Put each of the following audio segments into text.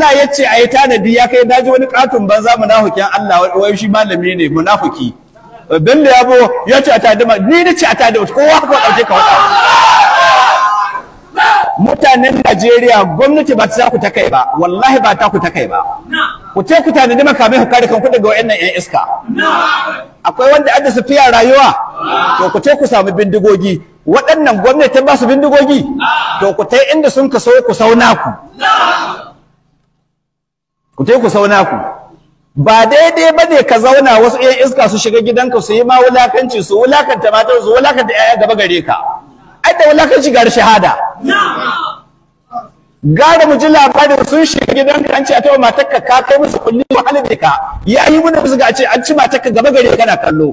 Allah ya ce a yi tanadi ya kai daji wani katon banza munafukin Allah wai shi malami ne munafuki bin da yabo ya ce a tanadi ma ni ne ce a tanadi kowa haka ɗauke ka wata mutanen Najeriya gwamnati ba ta ku ta kai ba wallahi ba ta ku ta kai ba ku ce ku tanadi makamai ku kare kanku daga wayannan yan iska akwai wanda adda su fiya rayuwa to ku ce ku samu bindigogi waɗannan gwamnati ba su bindigogi to ku yi inda sun kaso ku sauna ku ku te ku sauna ku ba daidai ba ne ka zauna wasu iya iska su shiga gidanka su yi ma wulakanci su wulakanta matar su wulakanta ƴaƴa gaba gare ka ai da wulakanci gar shahada gara mu ji labarin sun shiga gidanka an ce a taɓa matarka ka kai musu kulli wahalar da ka ya yi muna musu ga ce an ci matarka gaba gare kana kallo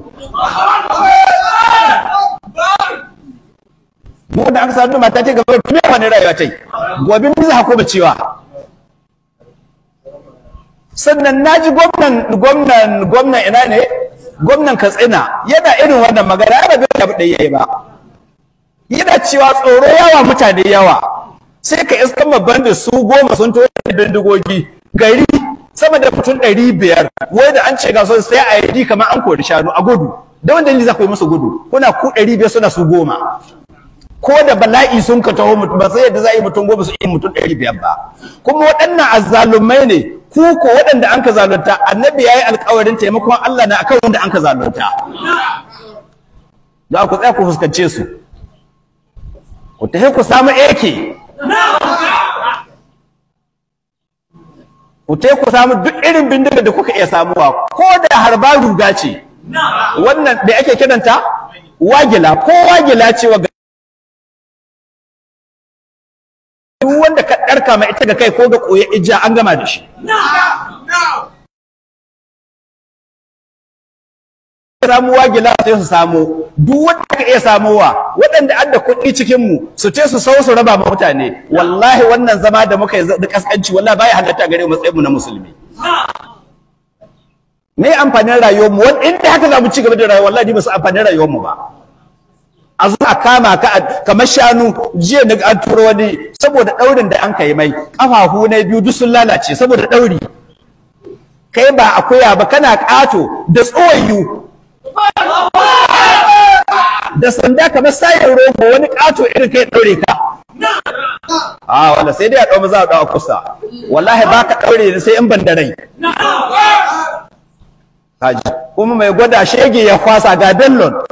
mu da aka sadu mata ta gaba gare me wani rayuwa ta yi gobe mu za ba bacewa sannan na ji gwamnan gwamnan gwamnan ina ne gwamnan katsina yana irin wannan magana ya rabe da bude yayi ba yana cewa tsoro yawa mutane yawa sai ka iska babban da su goma sun to da bindigogi gari sama da mutum ɗari biyar wai da an ce ga son sai a yi kamar an kori shanu a gudu da wanda ni za ku yi musu gudu kuna ku ɗari biyar suna su goma ko da bala'i sun ka taho mutum ba sai yadda za a yi mutum goma su yi mutum ɗari biyar ba kuma waɗannan azzalumai ne ku ko waɗanda an ka zalunta annabi ya yi alkawarin taimakon Allah na akan wanda an ka zalunta da ku tsaya ku fuskance su ku tafi ku samu eke ku tafi ku samu duk irin bindiga da kuka iya samuwa ko da harba ruga ce wannan da ake kiranta wagila ko wagila ce wa kama ita ga kai ko ga koyi ijja an gama da shi samuwa gila sai su samo duk wanda ka iya samowa waɗanda an da kuɗi cikin mu su ce su sau su raba ma mutane wallahi wannan zama da muka yi da kaskanci wallahi baya halatta gare mu matsayin mu na musulmi me amfanin rayuwar mu wanda haka za mu ci gaba da rayuwa wallahi ba su amfanin rayuwar mu ba a zo a kama ka kamar shanu jiya na an turo wani saboda daurin da an kai mai kafafu na biyu duk sun lalace saboda dauri kai ba akuya ba kana kato da tsoyu da sanda kamar sayar rogo wani kato irin kai daure ka a ah, wala sai dai a dau maza a dau kusa wallahi baka daure ni sai in ban da rai kaji kuma mai gwada shege ya kwasa ga dallon